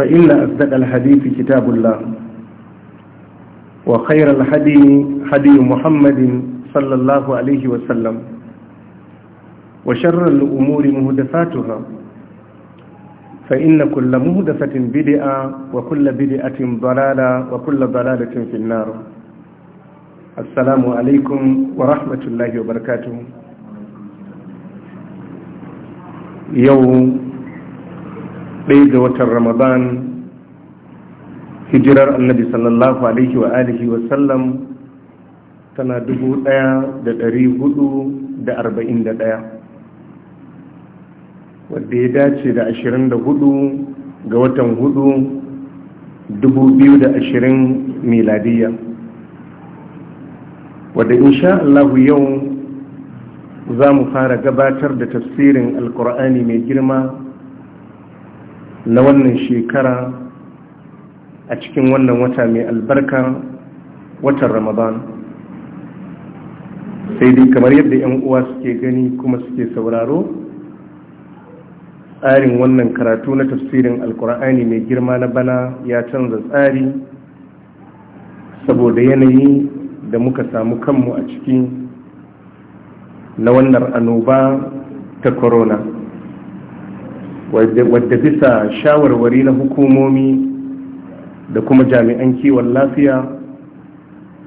فإن أصدق الحديث كتاب الله وخير الحدي حدي محمد صلى الله عليه وسلم وشر الأمور مهدفاتها فإن كل مهدفة بدئة وكل بدئة ضلالة وكل ضلالة في النار السلام عليكم ورحمة الله وبركاته يوم ɗaya ga watan ramadan hijirar annabi sallallahu alaihi wa alihi wa sallam tana dubu ɗaya da ɗari hudu da arba'in da ɗaya wadda ya dace da ashirin da hudu ga watan hudu dubu biyu da ashirin miladiyya wadda insha Allahu yau za mu fara gabatar da tafsirin alkur'ani mai girma na wannan shekara a cikin wannan wata mai albarka watan ramadan sai dai kamar yadda 'yan uwa suke gani kuma suke sauraro tsarin wannan karatu na tafsirin alkur'ani mai girma na bana ya canza tsari saboda yanayi da muka samu kanmu a ciki na wannan annoba ta corona wadda bisa shawarwari na hukumomi da kuma jami'an kiwon lafiya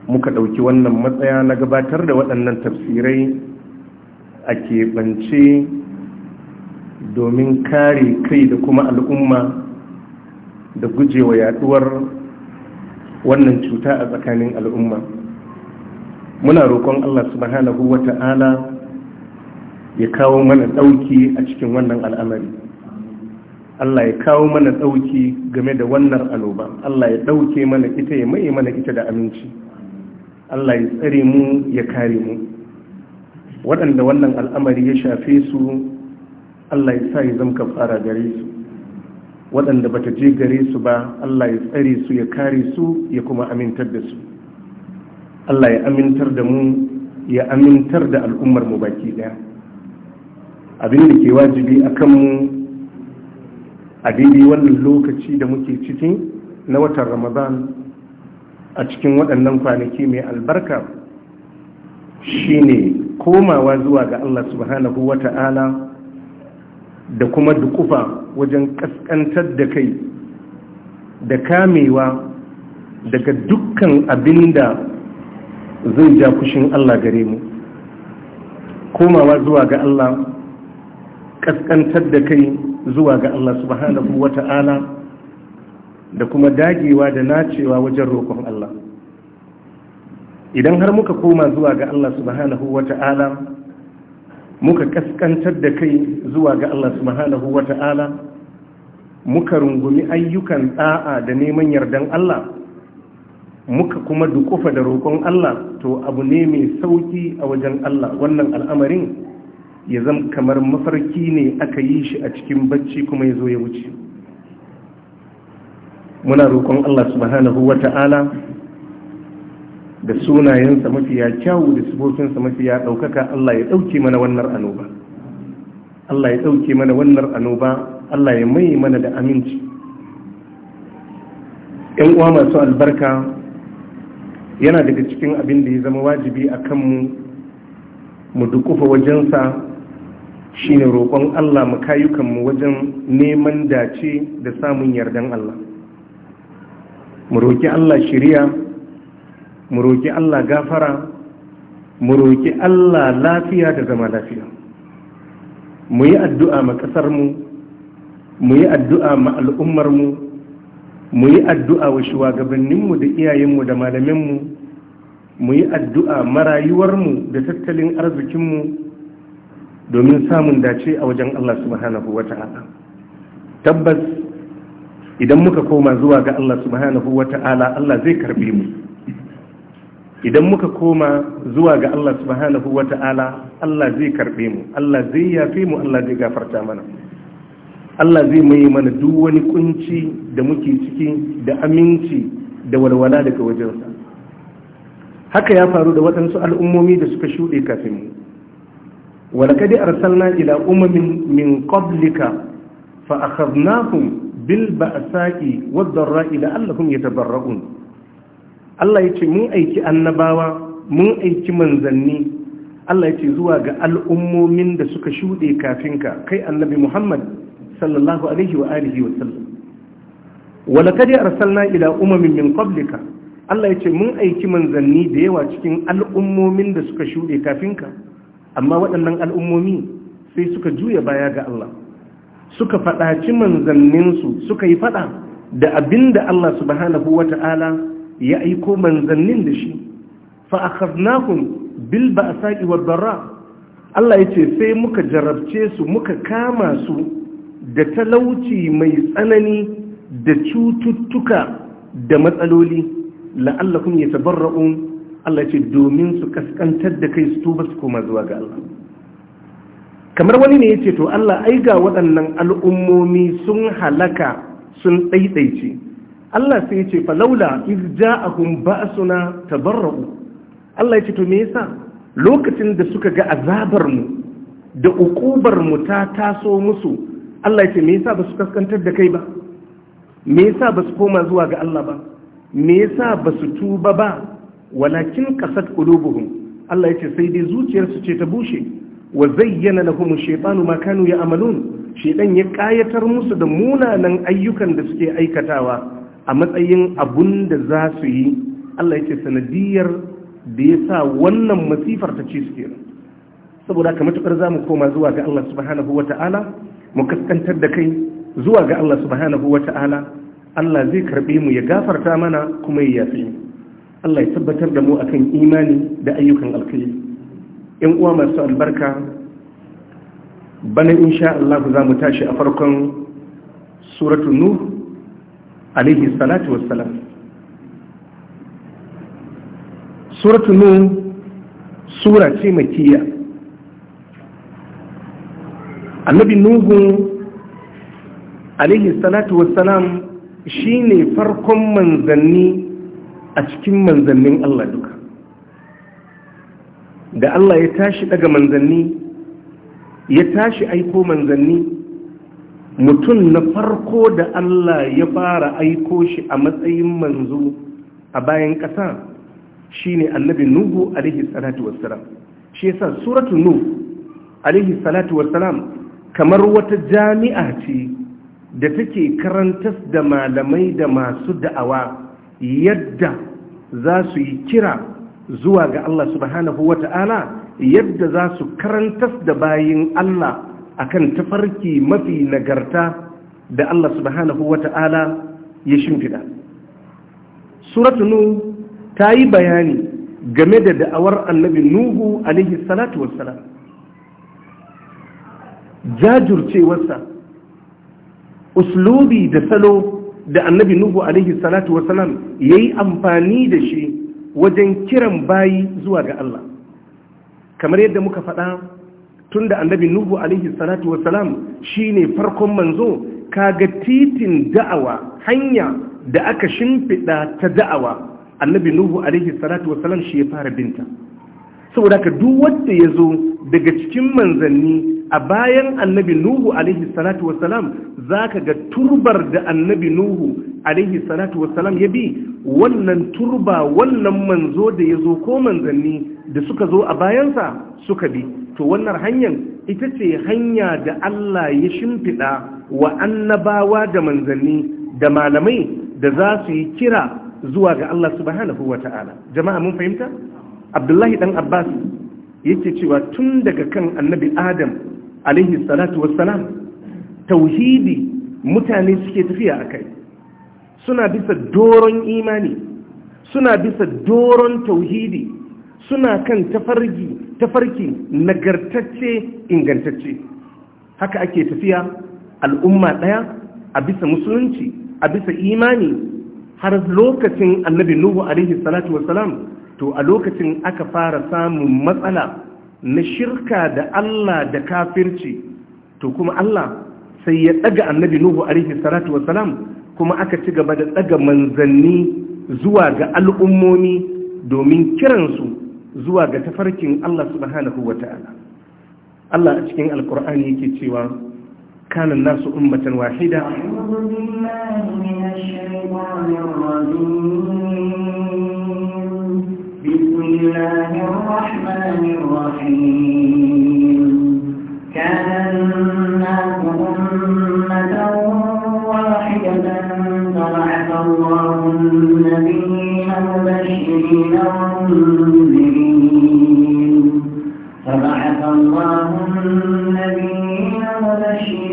muka ɗauki wannan matsaya na gabatar da waɗannan tafsirai a keɓance domin kare kai da kuma al'umma da gujewa yaɗuwar wannan cuta a tsakanin al'umma muna roƙon allah subhanahu wata'ala ya kawo mana ɗauki a cikin wannan al'amari Allah ya kawo mana ɗauki game da wannan aloba Allah ya ɗauke mana ita ya maye mana ita da aminci Allah ya tsare mu ya kare mu waɗanda wannan al'amari ya shafe su Allah ya sa ya zamka fara gare su waɗanda bata je gare su ba Allah ya tsare su ya kare su ya kuma amintar da su Allah ya amintar da mu ya amintar da al'ummar mu baki ɗaya abin da ke wajibi a kanmu a daidai wannan lokaci da muke ciki na watan ramadan a cikin waɗannan kwanaki mai albarka shine komawa zuwa ga allah subhanahu wa da kuma dukufa wajen ƙasƙantar da kai da kamewa daga dukkan abin da zai ja kushin allah gare mu komawa zuwa ga allah kaskantar da kai zuwa ga Allah subhanahu wa ta'ala da kuma dagewa da nacewa wajen roƙon Allah idan har muka koma zuwa ga Allah subhanahu wa ta'ala muka kaskantar da kai zuwa ga Allah subhanahu wa ta'ala muka rungumi ayyukan ɗa'a da neman yardan Allah muka kuma dukufa da roƙon Allah to abu ne mai sauƙi a wajen Allah wannan al'amarin ya zama kamar mafarki ne aka yi shi a cikin bacci kuma ya zo ya wuce muna roƙon Allah subhanahu wa ta'ala da sunayensa mafiya kyawu da sifofinsa mafiya ɗaukaka Allah ya ɗauke mana wannan annoba Allah ya ɗauke mana wannan annoba Allah ya mai mana da aminci ‘yan uwa masu albarka yana daga cikin abin da ya zama wajibi a kanmu mu dukufa wajensa shine roƙon Allah mu kayukanmu wajen neman dace da samun yardan Allah mu roƙi Allah shiriya mu roƙi Allah gafara mu roƙi Allah lafiya da zama lafiya mu yi addu'a ma ƙasarmu mu yi addu'a ma al'ummarmu mu yi addu'a wa shugabanninmu da iyayenmu da malaminmu mu yi addu'a marayuwarmu da tattalin arzikinmu domin samun dace a wajen Allah subhanahu wa ta'ala tabbas idan muka koma zuwa ga Allah subhanahu wa ta'ala Allah zai karbe mu idan muka koma zuwa ga Allah subhanahu wa ta'ala Allah zai karbe mu Allah zai yafe mu Allah zai gafarta mana Allah zai mai mana duk wani kunci da muke ciki da aminci da walwala daga wajensa haka ya faru da waɗansu al'ummomi da suka shuɗe kafin mu ولقد أرسلنا إلى أمم من قبلك فأخذناهم بالبأساء والضراء لعلهم يتضرعون الله يتي من أيكي النباوة من أيكي منزلني الله يتي زواج الأمومين دا سكشودي كافنك كي النبي محمد صلى الله عليه وآله وسلم ولقد أرسلنا إلى أمم من قبلك Allah ya ce mun aiki manzanni da yawa cikin al'ummomin da suka shuɗe kafinka amma waɗannan al'ummomi sai suka juya baya ga Allah suka faɗaci manzanninsu suka yi faɗa da abin da Allah subhanahu wa ta'ala ya aiko manzannin da shi fa'akharnahum bil ba a wad darra Allah ya ce sai muka jarabce su muka kama su da talauci mai tsanani da cututtuka da matsaloli ya yatabarra'un Allah ce domin su kaskantar da kai su tuba su koma zuwa ga Allah kamar wani ne ya ce to Allah ai ga waɗannan al'ummomi sun halaka sun ɗaiɗaice Allah sai ya ce falaula iz ja'ahum ba'suna tabarra'u Allah ya ce to me yasa lokacin da suka ga azabar mu da ukubar mu ta taso musu Allah ya ce me yasa ba su kaskantar da kai ba me yasa ba su koma zuwa ga Allah ba me yasa ba su tuba ba walakin kasat qulubuhum Allah ya sai dai zuciyarsu ce ta bushe wa zayyana lahum shaytanu ma kanu ya'malun shaytan ya kayatar musu da munanan ayyukan da suke aikatawa a matsayin abun da za su yi Allah ya sanadiyar da ya sa wannan masifar ta ci suke saboda haka matukar zamu koma zuwa ga Allah subhanahu wata'ala mu kaskantar da kai zuwa ga Allah subhanahu wata'ala Allah zai karbe mu ya gafarta mana kuma ya yafi mu Allah ya tabbatar da mu akan imani da ayyukan alkhairi yan uwa masu albarka bana insha Allah za mu tashi a farkon suratu nur alaihi salatu wassalam suratu nur sura ce makiyya annabi nuhu alaihi salatu wassalam shine farkon manzanni a cikin manzannin Allah duka da Allah ya tashi daga manzanni ya tashi aiko manzanni mutum na farko da Allah ya fara aiko shi a matsayin manzo a bayan ƙasa shine annabi nuhu alaihi salatu wassalam shi yasa suratu nuh alaihi salatu wassalam kamar wata jami'a ce da take karantas da malamai da masu da'awa yadda za su yi kira zuwa ga Allah subhanahu wa ta'ala yadda za su karantas da bayin Allah a kan tafarki mafi nagarta da Allah subhanahu wa ta'ala ya shimfiɗa. Suratu Nuhu ta yi bayani game da da'awar annabi Nuhu alaihi salatu wassalam. Jajircewarsa, uslubi da salo da annabi nuhu alaihi salatu wasalam ya yi amfani da shi wajen kiran bayi zuwa ga Allah kamar yadda muka faɗa tun da annabi nuhu alaihi salatu wasalam shi ne farkon manzo kaga titin da'awa hanya da aka shimfiɗa ta da'awa annabi nuhu alaihi salatu wasalam shi ya fara binta saboda ka duk wanda ya zo daga cikin manzanni a bayan annabi nuhu alaihi salatu wasalam za ka ga turbar da annabi nuhu alaihi salatu wasalam ya bi wannan turba wannan manzo da ya zo ko manzanni da suka zo a bayansa suka bi to wannan hanyar ita ce hanya da Allah ya shimfiɗa wa annabawa da manzanni da malamai da za su yi kira zuwa ga Allah subhanahu wa ta'ala jama'a mun fahimta abdullahi dan abbas yake cewa tun daga kan annabi adam alaihi salatu wassalam tauhidi mutane suke tafiya a kai suna bisa doron imani suna bisa doron tauhidi suna kan tafarki tafarki nagartacce ingantacce haka ake tafiya al'umma ɗaya a bisa musulunci a bisa imani har lokacin annabi nuhu alaihi salatu wassalam to a lokacin aka fara samun matsala na shirka da Allah da kafirci to kuma Allah sai ya daga annabi Nuhu alaihi salatu wassalam kuma aka ci gaba da daga manzanni zuwa ga al'ummomi domin kiransu zuwa ga tafarkin Allah subhanahu wata'ala Allah a cikin alkur'ani yake cewa kanin nasu ummatan wahida. a'udhu billahi minash rajim بسم الله الرحمن الرحيم كان الناس أمة واحدة فبعث الله النبيين مبشرين ومنذرين فبعث الله النبيين مبشرين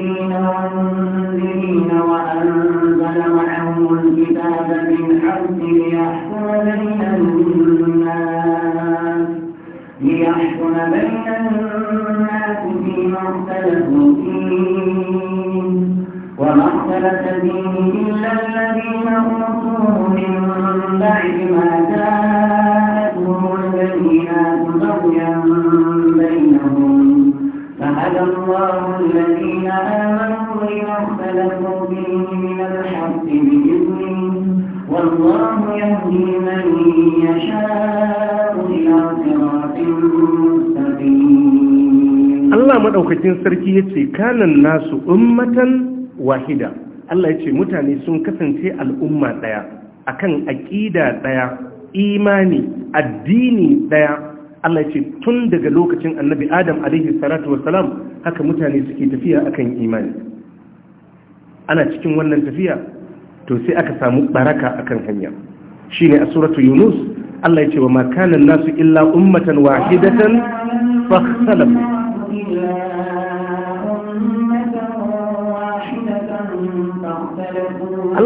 الناس فيما اختلفوا فيه وما اختلف فيه إلا الذين أوتوه من بعد ما جاءتهم البينات بغيا بينهم فهدى الله الذين آمنوا لما اختلفوا فيه من الحق بإذنه والله يهدي من يشاء إلى صراط مستقيم maɗaukakin sarki ya ce kanan nasu ummatan wahida Allah ya ce mutane sun kasance al'umma ɗaya akan aƙida ɗaya imani addini ɗaya Allah ya ce tun daga lokacin annabi Adam alaihi salatu Wasalam haka mutane suke tafiya akan imani ana cikin wannan tafiya to sai aka samu baraka akan hanya shine a suratu Yunus Allah ya ce wa ma nasu illa ummatan wahidatan fa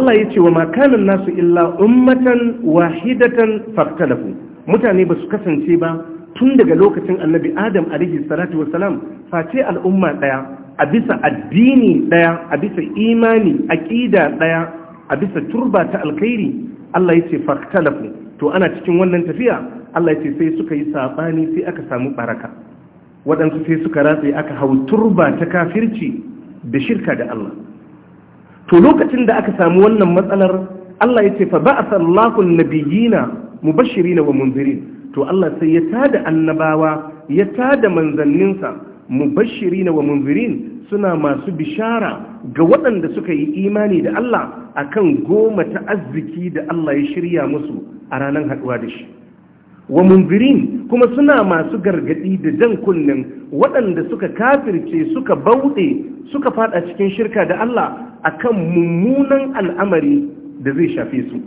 Allah ya ce wa makanan nasu illa ummatan wahidatan faktalafu mutane ba su kasance ba tun daga lokacin annabi adam alaihi salatu salam face al'umma ɗaya, a bisa addini ɗaya, a bisa imani aqida ɗaya, a bisa turba ta alkhairi Allah ya ce faktalafu to ana cikin wannan tafiya Allah ya ce sai suka yi sabani sai aka samu baraka waɗansu sai suka ratse aka hau turba ta kafirci da shirka da Allah to lokacin da aka samu wannan matsalar Allah ya ce fa ba'atha Allahu an-nabiyina mubashirin wa munzirin to Allah sai ya tada annabawa ya tada manzanninsa mubashirin wa munzirin suna masu bishara ga waɗanda suka yi imani da Allah akan goma ta arziki da Allah ya shirya musu a ranar haɗuwa da shi wa munzirin kuma suna masu gargadi da jan kunnen waɗanda suka kafirce suka bauɗe suka fada cikin shirka da Allah akan mummunan al'amari da zai shafe su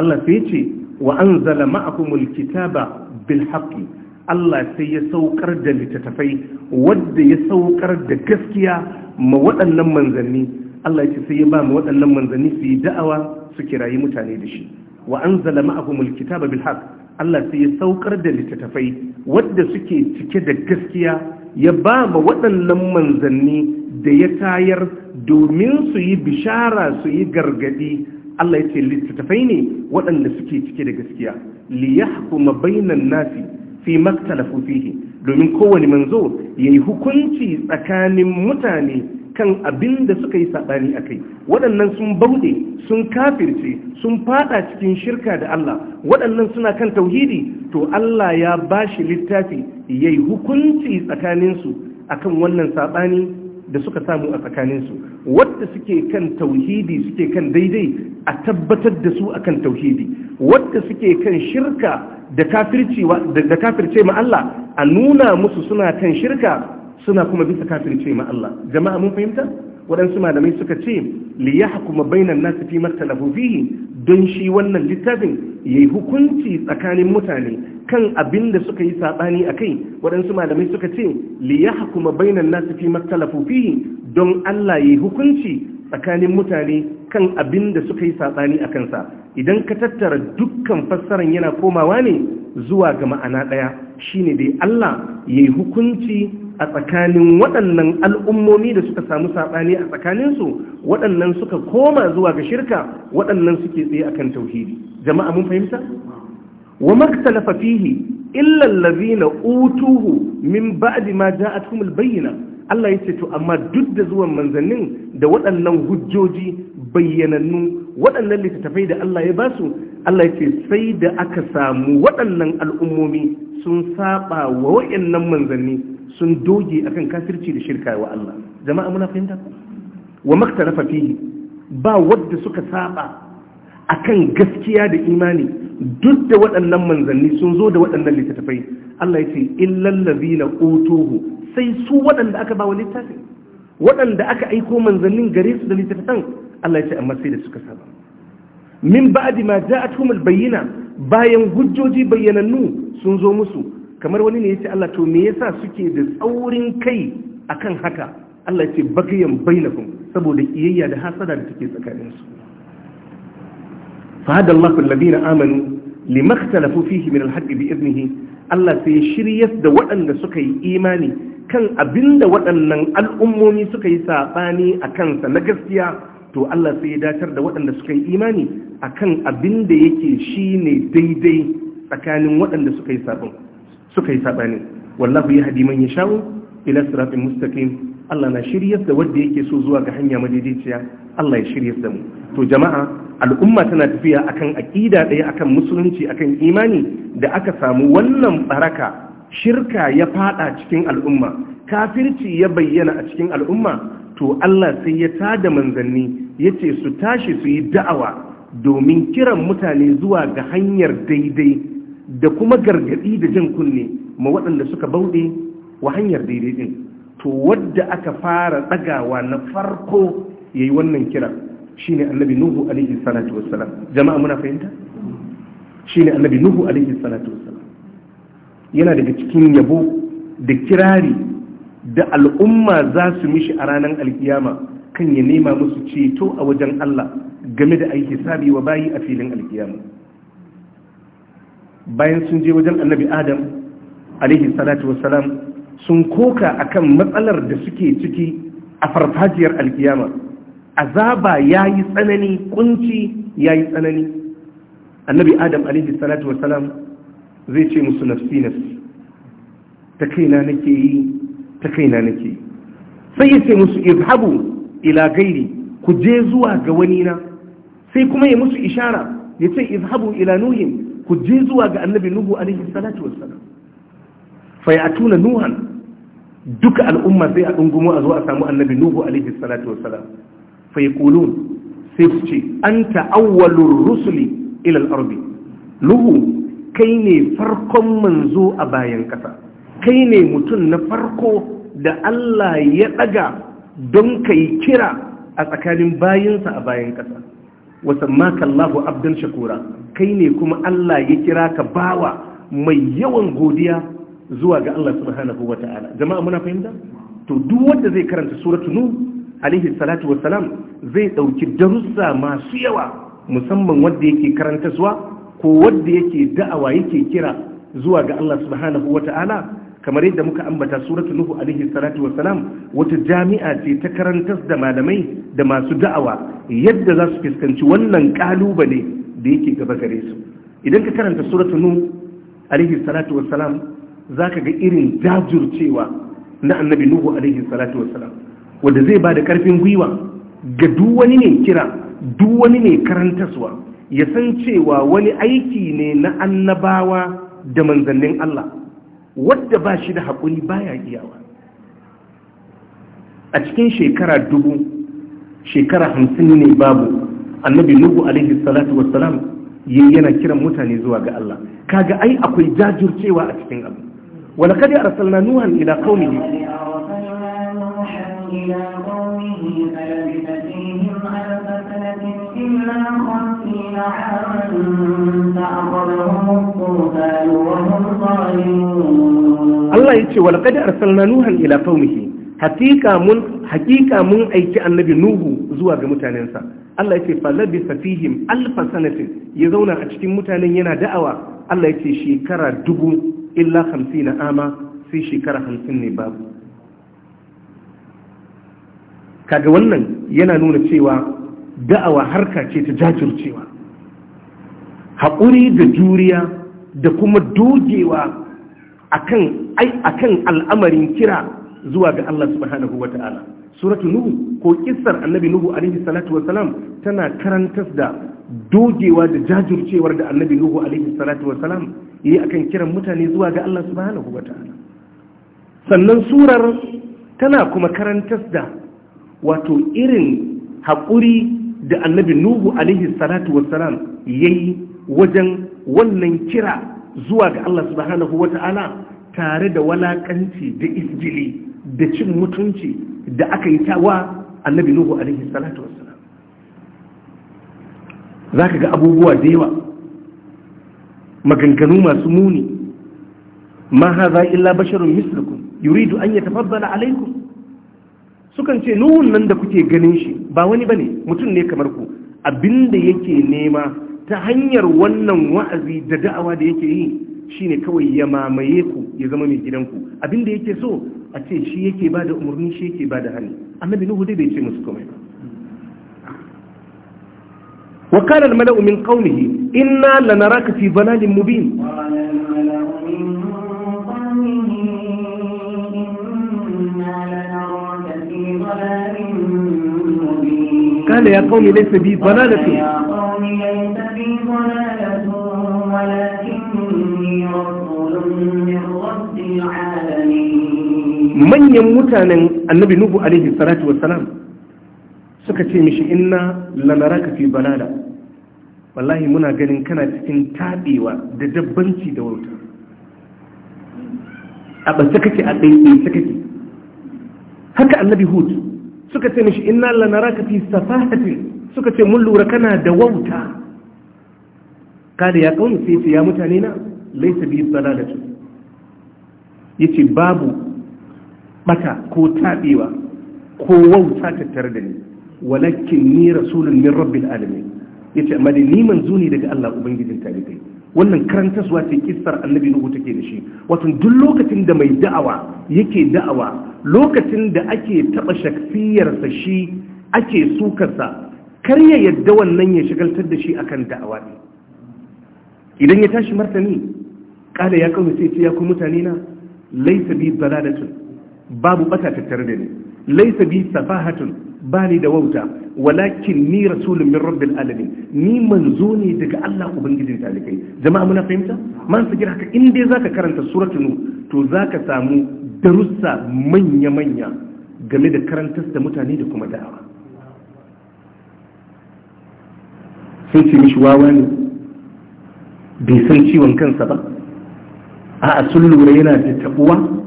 Allah sai ce wa anzala ma'akumul kitaba bil haqqi Allah sai ya saukar da littattafai wadda ya saukar da gaskiya ma waɗannan manzanni Allah ya sai ya ba mu waɗannan manzanni su yi da'awa su kirayi mutane da shi wa anzala ma'akumul kitaba bil haqq Allah sai ya saukar da littattafai wadda suke cike da gaskiya ya ba ma waɗannan manzanni da ya tayar domin su yi bishara su yi gargadi Allah ya ce littattafai ne waɗanda suke cike da gaskiya liyahkuma bainan nasi fi maktala fufihi domin kowane manzo ya yi hukunci tsakanin mutane kan abin da suka yi saɓani a kai waɗannan sun bauɗe sun kafirce sun faɗa cikin shirka da Allah waɗannan suna kan tauhidi to Allah ya ba shi littafi ya yi hukunci tsakaninsu a kan wannan saɓani da suka samu a tsakaninsu wadda suke kan tauhidi suke kan daidai a tabbatar da su a kan tauhidi wadda suke kan shirka da kafirce ma Allah a nuna musu suna kan shirka suna kuma bisa kafirce ma Allah jama'a mun fahimta waɗansu malamai suka ce li yahkuma bainan nas fi martalahu fihi don shi wannan littafin yayi hukunci tsakanin mutane kan abin da suka yi sabani akai waɗansu malamai suka ce li yahkuma bainan nas fi martalahu fihi don Allah yayi hukunci tsakanin mutane kan abin da suka yi saɓani a kansa idan ka tattara dukkan fassaran yana komawa ne zuwa ga ma'ana ɗaya shine dai Allah ya yi hukunci a tsakanin waɗannan al'ummomi da suka samu saɓani a tsakaninsu waɗannan suka koma zuwa ga shirka waɗannan suke tsaye akan tauhidi jama'a mun fahimta wa maktalafa fihi illa allazina utuhu min ba'di ma ja'atuhum al bayyana. Allah ya ce to amma duk da zuwan manzannin da waɗannan hujjoji bayyanannu waɗannan littattafai da Allah ya ba su Allah ya ce sai da aka samu waɗannan al'ummomi sun saba wa waɗannan manzanni sun doge akan kafirci da shirka wa Allah jama'a muna fahimta wa maktarafa fihi ba wadda suka saba akan gaskiya da imani duk da waɗannan manzanni sun zo da waɗannan littattafai Allah ya ce illal ladina utuhu sai su waɗanda aka ba wa littafi waɗanda aka aiko manzannin gare su da littafin Allah ya ce amma sai da suka saba min ba'di ma ja'atuhum al-bayyina bayan hujjoji bayyanannu sun zo musu kamar wani ne yace Allah to me yasa suke da tsaurin kai akan haka Allah ya ce bagayan bainakum saboda iyayya da hasada da take tsakaninsu fa hada Allahu alladhina amanu limakhtalafu fihi min al-haqqi bi idnihi Allah sai shiryar da waɗanda suka yi imani kan abinda waɗannan al'ummomi suka yi saɓani a kansa na gaskiya to Allah sai ya datar da waɗanda suka yi imani a kan abin da yake shi ne daidai tsakanin waɗanda suka yi saɓani wallahu ya hadi man ya shawo ila sirafin mustaqim Allah na shiryar da wanda yake so zuwa ga hanya madaidaiciya Allah ya shiryar da mu to jama'a al'umma tana tafiya akan aƙida ɗaya akan musulunci akan imani da aka samu wannan baraka shirka ya fada cikin al'umma kafirci ya bayyana a cikin al'umma to Allah sai ya tada manzanni yace su tashi su yi da'awa domin kiran mutane zuwa ga hanyar daidai da kuma gargadi da jan kunne ma waɗanda suka bauɗe wa hanyar daidai din to wadda aka fara ɗagawa na farko yayi wannan kira shine annabi nuhu alaihi salatu wassalam jama'a muna fahimta shine annabi nuhu alaihi salatu wassalam yana daga cikin yabo da kirari da al'umma za su mishi a ranar alkiyama kan ya nema musu ceto a wajen Allah game da aiki sabi wa bayi a filin alkiyama bayan sun je wajen annabi adam alaihi salatu salam, sun koka a kan matsalar da suke ciki a farfajiyar alkiyama azaba ya yi tsanani kunci ya yi tsanani annabi adam alaihi salatu salam. zai ce musu nafsi nafsi ta kaina nake yi ta kaina nake yi sai ya ce musu izhabu ila gairi ku je zuwa ga wani na sai kuma ya musu ishara ya ce izhabu ila nuhin ku je zuwa ga annabi nuhu alaihi salatu wassalam fa ya tuna nuhan duka al'umma sai a dungumo a zo a samu annabi nuhu alaihi salatu wassalam fa yaqulun sai su ce anta awwalur rusuli ila al-ardi nuhu kai ne farkon manzo a bayan ƙasa kai ne mutum na farko da Allah ya ɗaga don ka yi kira a tsakanin bayansa a bayan ƙasa wasamma kallahu abdul shakura kai ne kuma Allah ya kira ka bawa mai yawan godiya zuwa ga Allah subhanahu wa ta'ala jama'a muna fahimta to duk wanda zai karanta suratu nu alaihi salatu wassalam zai ɗauki darussa masu yawa musamman wanda yake karanta zuwa ko wanda yake da'awa yake kira zuwa ga Allah subhanahu wata'ala kamar yadda muka ambata suratul nuhu alaihi salatu wassalam wata jami'a ce ta karantar da malamai da masu da'awa yadda za su fuskanci wannan kalubale da yake gaba gare su idan ka karanta suratul nuhu alaihi salatu wassalam zaka ga irin jajircewa na annabi nuhu alaihi salatu wassalam wanda zai bada karfin gwiwa ga duk wani ne kira duk wani ne karantaswa ya san cewa wani aiki ne na annabawa da manzannin Allah wadda ba shi da haƙuri baya iyawa a cikin shekara dubu shekara hamsin ne babu annabi nuhu alaihi salatu wassalam yi yana kiran mutane zuwa ga Allah kaga ai akwai jajircewa a cikin abu wala kadi arsalna nuhan ila qaumihi إلى قومه فلبث فيهم ألف سنة إلا خمسين Allah ya ce الطوفان وهم ظالمون الله يقول mun aiki annabi nuhu zuwa ga mutanensa Allah ce fa labisa fihim alf ya zauna a cikin mutanen yana da'awa Allah ya ce shekara dubu illa na ama sai shekara hamsin ne babu kaga wannan yana nuna cewa da'awa harka ce ta jajircewa haƙuri da juriya da kuma dogewa akan al'amarin kira zuwa ga Allah subhanahu wa ta'ala suratu nuhu ko kissar annabi nuhu alaihi salatu wa tana karantar da dogewa da jajircewar da annabi nuhu alaihi salatu wa yi akan kiran mutane zuwa ga Allah subhanahu wa ta'ala sannan surar tana kuma karantar da wato irin haƙuri da annabi nuhu alaihi salatu wassalam yayi wajen wannan kira zuwa ga Allah subhanahu ta'ala tare da walakanci da isjili da cin mutunci da aka yi tawa annabi nuhu alaihi salatu wassalam zaka ga abubuwa da yawa maganganu masu muni ma haza illa basharun mislukum yuridu an yatafaddala alaikum sukan ce Nuhu nan da kuke ganin shi ba wani bane mutum ne kamar ku abinda yake nema ta hanyar wannan wa'azi da da'awa da yake yi shi ne kawai ya mamaye ku ya zama mai gidanku abinda yake so a ce shi yake ba da umarni shi yake ba da hannu annabi nuhu dai bai ce musu komai ba al-mala'u min qawmihi inna lanaraka fi ضلال mubin قال يا قوم ليس بي ضلالة يا قوم ليس بي ضلالة ولكني رسول من رب العالمين من يموتان النبي نوح عليه الصلاة والسلام suka ce mishi inna lanaraka fi balala wallahi muna ganin kana cikin tabewa da dabbanci da wauta a ba kake a ɗaiɗai kake haka annabi hud suka ce mishi inna lanaraka fi safahatin suka ce mun lura kana da wauta kada ya kauna sai ce ya mutane na laisa bi dalalatu yace babu bata ko tabewa ko wauta tattare da ni walakin ni rasulun min rabbil alamin yace amma ni manzo ne daga Allah ubangijin talibai wannan karantaswa ce kissar annabi nuhu take da shi wato duk lokacin da mai da'awa yake da'awa lokacin da ake taɓa shakfiyarsa shi ake sukarsa kar ya yadda wannan ya shigaltar da shi akan da'awa ne idan ya tashi martani kada ya kawo sai ce ya ku mutane na laisa bi balalatun babu bata tattare da ni laisa bi safahatun Bani da wauta walakin ni rasulun min rabbil alamin ni manzo ne daga Allah ubangijin talikai jama'a muna fahimta man sigir haka in dai zaka karanta suratul nu to zaka samu darussa manya manya game da karantar da mutane da kuma da'awa sun ce mishi wawa ne bai san ciwon kansa ba a'a sun lura yana da tabuwa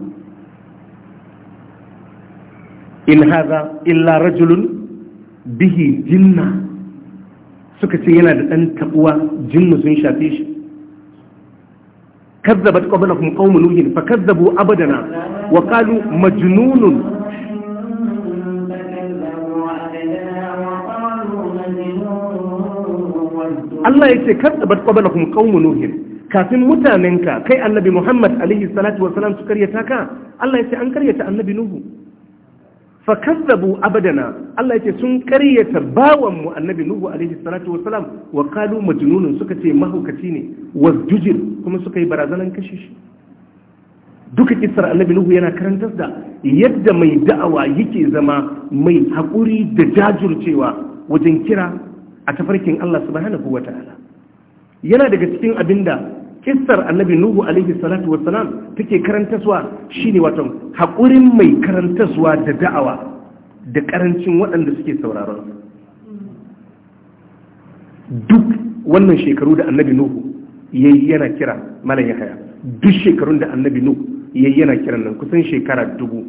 in haza illa rajulun bihi jinna suka ce yana da ɗan taɓuwa jinnu sun shafe shi kazzabat qablahum qaumun nuhin fakazzabu abadana wa qalu majnunun Allah ya ce kazzabat qablahum qaumun nuhin kafin mutanenka kai annabi Muhammad alaihi salatu wa salam su karyata ka Allah ya ce an karyata annabi Nuhu fakazzabu abadana Allah yake sun karyata bawan mu annabi nuhu alaihi salatu wasalam wa qalu majnunun suka ce mahaukaci ne wasjujir kuma suka yi barazanan kashe shi duka kissar annabi nuhu yana karantar da yadda mai da'awa yake zama mai haƙuri da jajircewa wajen kira a tafarkin Allah subhanahu wata'ala yana daga cikin abinda kissar annabi nuhu alaihi salatu wassalam take karantaswa shine wato haƙurin mai karantaswa da da'awa da ƙarancin waɗanda suke sauraron duk wannan shekaru da annabi nuhu yayi yana kira malam haya, duk shekarun da annabi nuhu yayi yana kiran nan kusan shekara dubu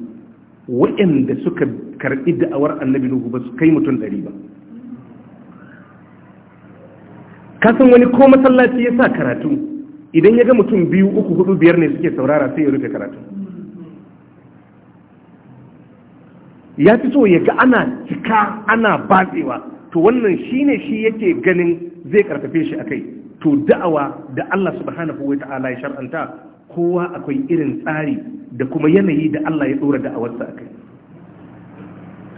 waɗanda suka karɓi da'awar annabi nuhu ba su kai mutum ɗari ba kasan wani ko masallaci ya sa karatu idan ya ga mutum biyu uku hudu biyar ne suke saurara sai ya rufe karatu ya fi so ya ga ana cika ana batsewa to wannan shine shi yake ganin zai karfafe shi akai to da'awa da Allah subhanahu wa ta'ala ya shar'anta kowa akwai irin tsari da kuma yanayi da Allah ya dora da'awarsa akai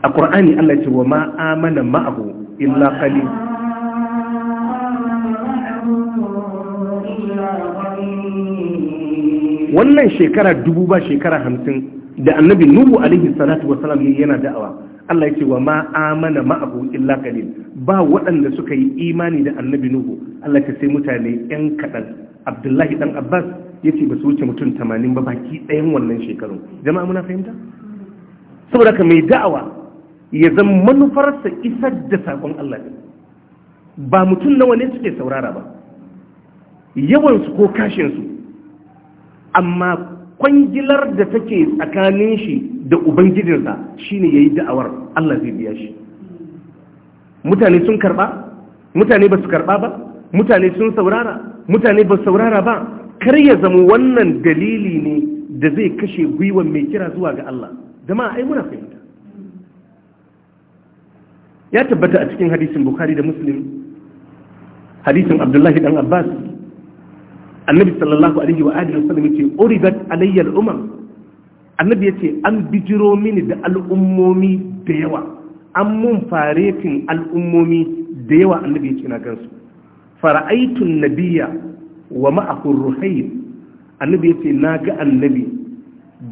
a Qur'ani Allah ya ce wa ma amana ma'ahu illa qalil wannan shekara dubu ba shekara hamsin da annabi nuhu alaihi salatu salam ne yana da'awa Allah ya ce wa ma amana ma'ahu illa qalil ba waɗanda suka yi imani da annabi nuhu Allah ta sai mutane yan kaɗan abdullahi dan abbas ya ce ba su wuce mutum tamanin ba baki ɗayan wannan shekarun jama'a muna fahimta saboda ka mai da'awa ya zama manufarsa isar da sakon Allah ba mutum nawa ne suke saurara ba yawansu ko kashinsu amma kwangilar da take tsakanin shi da ubangijinsa shine yi da'awar Allah zai biya shi mutane sun karba mutane ba su karba ba mutane sun saurara mutane ba saurara ba kar ya zama wannan dalili ne da zai kashe gwiwa mai kira zuwa ga Allah jama'a ai muna fahimta ya tabbata a cikin hadisin bukhari da muslim hadisin abdullahi dan abbas annabi sallallahu alaihi wa alihi wasallam yace uridat alayya al-umam annabi yace an bijiro mini da al'ummomi da yawa an mun faretin al'ummomi da yawa annabi yace na gansu fara'aitu nabiyya wa ma'ahu ruhayn annabi yace na ga annabi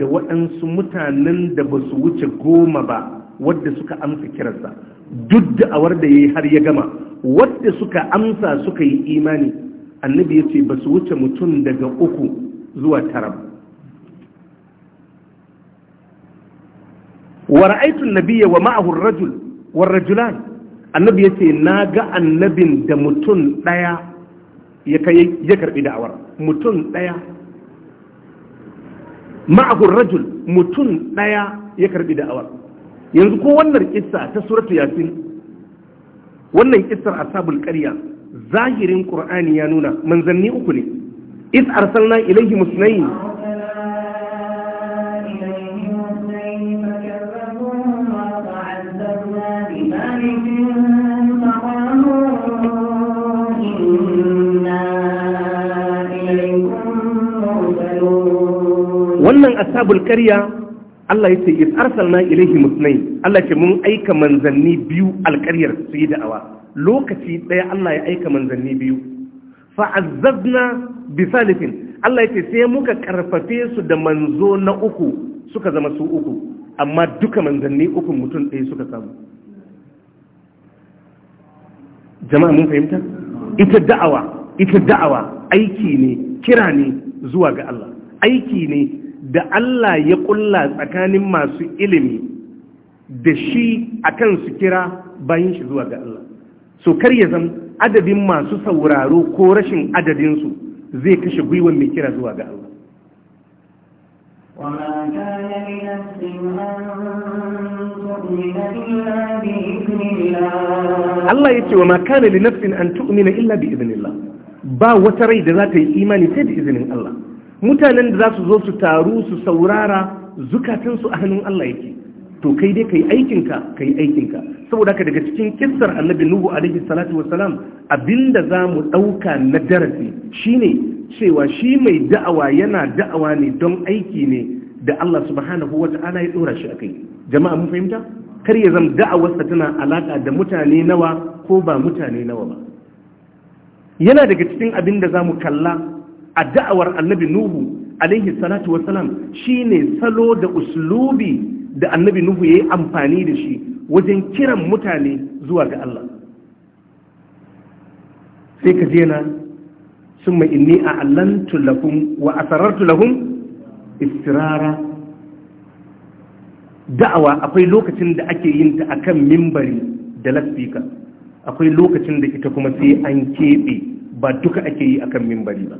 da waɗansu mutanen da ba su wuce goma ba wadda suka amsa kiransa duk da awar da ya yi har ya gama wadda suka amsa suka yi imani annabi ya ce ba su wuce mutum daga uku zuwa tara wa ra'aitun nabiyya wa ma'ahu rajul war rajulan annabi ya ce na ga annabin da mutum daya ya karɓi da'awar mutum ɗaya ma'ahu rajul mutum daya ya karɓi da'awar yanzu ko wannan kissa ta suratu yasin wannan kissar asabul ƙarya zahirin qur'ani ya nuna manzanni uku ne is arsalna ilaihi musnayn wannan asabul karya Allah ya ce is arsalna ilaihi musnayn Allah ce mun aika manzanni biyu alƙaryar su yi da'awa lokaci ɗaya Allah ya aika manzanni biyu fa'azzabna bi salifin Allah ya ce sai muka karfafe su da manzo na uku suka zama su uku amma duka manzanni uku mutum ɗaya suka samu jama'a mun fahimta ita da'awa ita da'awa aiki ne kira ne zuwa ga Allah aiki ne da Allah ya ƙulla tsakanin masu ilimi da shi akan su kira bayan shi zuwa ga Allah so kar ya zan adadin masu sauraro ko rashin adadinsu zai kashe gwiwan mai kira zuwa ga Allah Allah ya ce wa makana إلا nafsin an الله illa bi كان ba wata rai da za ta yi imani sai da izinin Allah mutanen da za su zo su taru su saurara zukatansu a hannun Allah yake to kai dai kai aikinka kai aikinka saboda haka daga cikin kissar annabi nuhu alaihi salatu salam abinda za mu ɗauka na darasi shine cewa shi mai da'awa yana da'awa ne don aiki ne da Allah subhanahu wata'ala ya dora shi a kai. jama'a mun fahimta kar ya zama da'awarsa tana alaka da mutane nawa ko ba mutane nawa ba yana daga cikin abin da za mu kalla a da'awar annabi nuhu alaihi salatu salam shine salo da uslubi da annabi nuhu ya yi amfani da shi wajen kiran mutane zuwa ga Allah sai ka je na summa inni a allon lahum wa asarartu lahum istirara da'awa akwai lokacin da ake yin ta akan mimbari da lasfika akwai lokacin da ita kuma sai an keɓe ba duka ake yi akan mimbari ba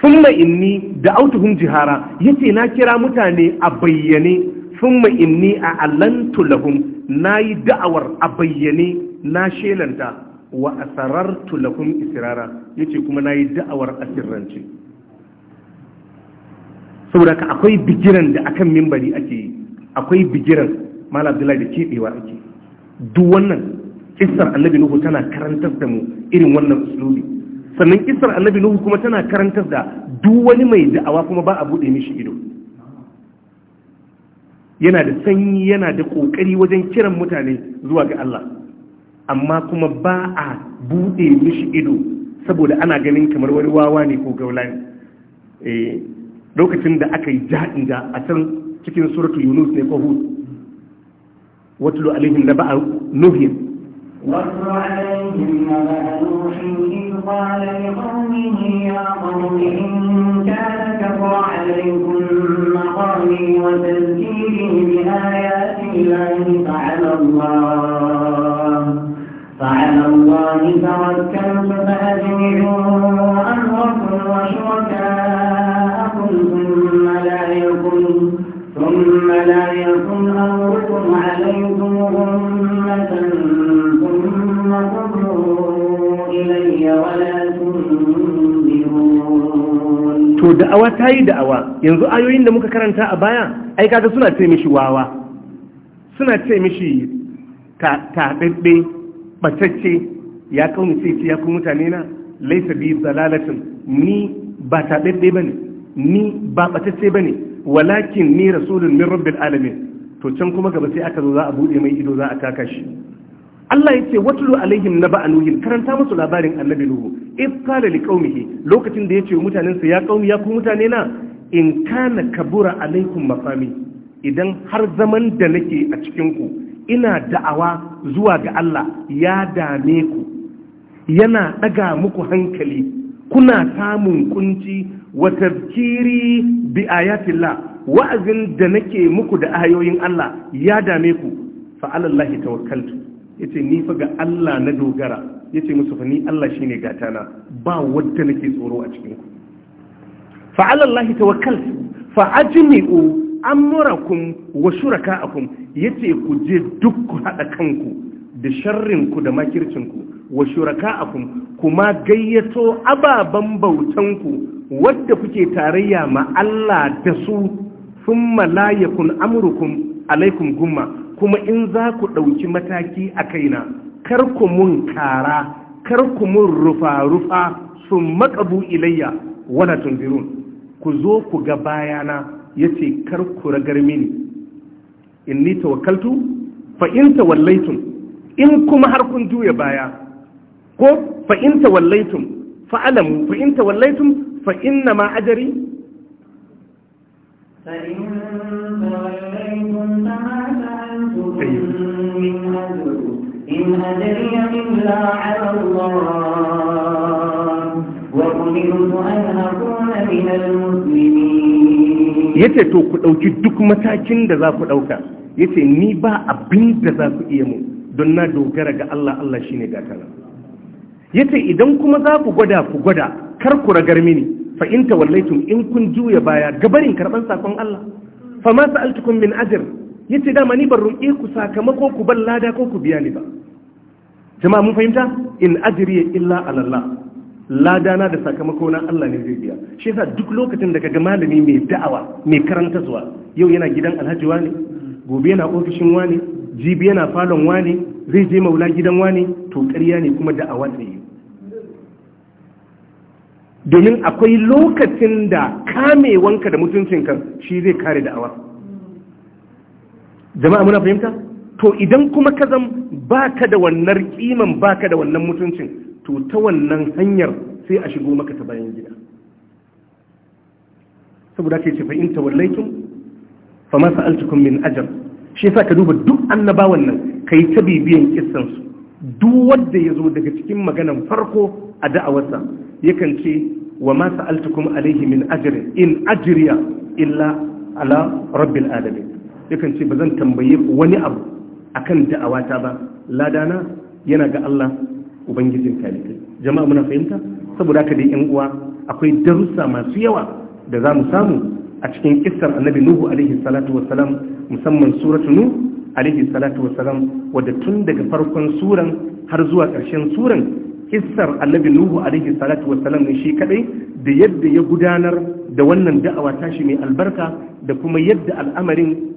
summa inni da autuhum jihara yace na kira mutane a bayyane summa inni a allantu lahum nayi da'awar a bayyane na shelanta wa asarartu lahum israra yace kuma nayi da'awar asirrance saboda ka akwai bigiran da akan mimbari ake yi akwai bigiran malam abdullahi da kebewa ake duk wannan kissar annabi nuhu tana karantar da mu irin wannan uslubi sannan kisar annabi nuhu kuma tana karantar da duk wani mai da'awa kuma ba a bude mishi ido yana da sanyi yana da ƙoƙari wajen kiran mutane zuwa ga Allah amma kuma ba a bude mishi ido saboda ana ganin kamar wani wawa ne ko gaulani eh, lokacin da aka yi ja'in da a can cikin suratu yunus ne ko hud watulu alaihim da ba'a nuhin واتل عليهم نبأ نوح إذ قال لقومه يا قوم إن كان كبر عليكم مقامي وتذكيري بآيات الله فعلى الله توكلت فأجمعوا أمركم وشركاءكم ثم لا يكن ثم لا يكن أمركم da'awa ta yi da'awa yanzu ayoyin da muka karanta a baya ai kaga suna ce mishi wawa suna ce mishi taɗaɗɗe ɓatacce ya kawo ce ya kuma mutane na laisa bi zalalatin ni ba taɗaɗɗe ba ne ni ba ɓatacce ba ne walakin ni rasulun min rabbin alamin to can kuma gaba sai aka zo za a buɗe mai ido za a kaka shi Allah ya ce watulu alaihim na ba'a nuhin karanta masu labarin annabi nuhu if kala li qaumihi lokacin da ya ce mutanensa ya qaumi ya ku mutane na in kana kabura alaikum mafami idan har zaman da nake a cikin ku ina da'awa zuwa ga Allah ya dame ku yana daga muku hankali kuna samun kunci wa tafkiri bi ayatillah wa'azin da nake muku da ayoyin Allah ya dame ku fa alallahi tawakkaltu yace ni fa ga Allah na dogara yace musu fa ni Allah shine gatana ba wadda nake tsoro a cikin ku fa ala Allah tawakkal fa ajmi'u amrakum wa shuraka'akum yace ku je duk hada kanku da sharrin ku da makircin ku wa shuraka'akum kuma gayyato ababan bautan ku wadda kuke tarayya ma Allah da su thumma la yakun amrukum alaikum gumma kuma in za ku ɗauki mataki a kaina kar ku mun kara kar ku mun rufa-rufa sun makabu ilayya wala tunzirun ku zo ku ga bayana ya ce kar ku ragar mini in ni tawakkaltu fa in tawallaitun in kuma har kun juya baya ko fa in tawallaitun fa alamu fa in tawallaitun fa inna ma ajari fa in tawallaitun إن yace to ku ɗauki duk matakin da za ku ɗauka yace ni ba abin da za ku iya mu don na dogara ga Allah Allah shine gatana yace idan kuma za ku gwada ku gwada kar ku ragar mini fainta wallaitun in kun juya baya gabarin karɓar sakon Allah fa ma sa'altukum min ajr ya ce dama ni ban roƙe ku sakamako ku ban lada ko ku biya ni ba jama'a mun fahimta in ajriya illa ala Allah lada na da sakamako na Allah ne zai biya shi yasa duk lokacin da kaga malami mai da'awa mai karanta zuwa yau yana gidan Alhaji wani gobe yana ofishin wani jibi yana falon wani zai je maula gidan wani to ƙarya ne kuma da'awa ta yi domin akwai lokacin da kamewanka da mutuncin mutuncinka shi zai kare da'awa jama'a muna fahimta to idan kuma ka zam baka da wannan kiman baka da wannan mutuncin to ta wannan hanyar sai a shigo maka ta bayan gida saboda ka ce fa in fa ma sa'altukum min ajr shi yasa ka duba duk annabawan nan kai ta bibiyan kissan su duk wanda yazo daga cikin maganan farko a da'awarsa yakan ce wa ma sa'altukum alaihi min ajrin in ajriya illa ala rabbil alamin yakan ce ba zan tambaye wani abu a kan da'awata ba ladana yana ga Allah ubangijin talibai jama'a muna fahimta saboda haka dai yan uwa akwai darussa masu yawa da za mu samu a cikin kistar annabi nuhu alaihi salatu wassalam musamman suratu Nu alaihi salatu wassalam wadda tun daga farkon suran har zuwa ƙarshen suran kistar annabi nuhu alaihi salatu wassalam ne shi kadai da yadda ya gudanar da wannan da'awa tashi mai albarka da kuma yadda al'amarin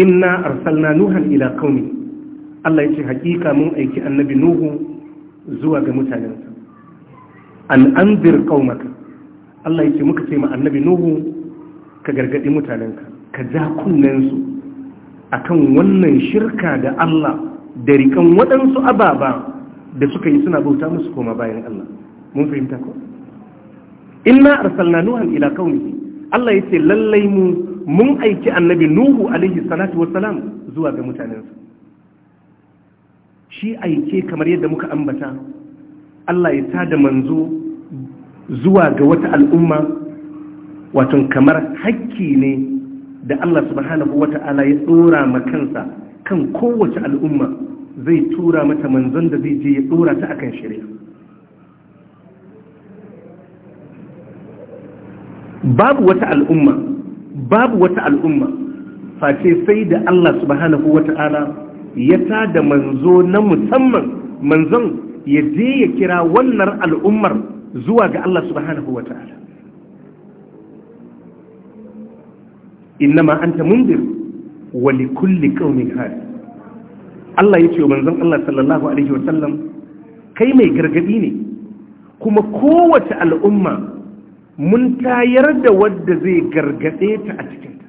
inna arsalna nuhan ila qaumi Allah ce hakika mun aiki annabi nuhu zuwa ga mutanensa an anzir qaumaka Allah ce muka ce ma annabi nuhu ka gargadi mutanenka ka ja kunnensu. A akan wannan shirka da Allah da rikan waɗansu ababa da suka yi suna bauta musu koma bayan Allah mun fahimta ko inna arsalna nuhan ila qaumi Allah ce lallai mu mun aiki annabi nuhu alaihi salatu wassalam zuwa ga mutanensa shi aike kamar yadda muka ambata Allah ya tada manzo zuwa ga wata al'umma wato kamar hakki ne da Allah subhanahu wata'ala ya dora kansa kan kowace al'umma zai tura mata manzon da zai je ya dora ta akan shari'a babu wata al'umma babu wata al'umma face sai da Allah subhanahu wata'ala ya tada manzo na musamman manzon ya je ya kira wannan al'ummar zuwa ga Allah subhanahu wata'ala ma anta mundir wa kulli qaumin hadi Allah ya ce wa manzon Allah sallallahu alaihi wa sallam, kai mai gargadi ne kuma kowace al'umma mun tayar da wadda zai gargaɗe ta a cikinta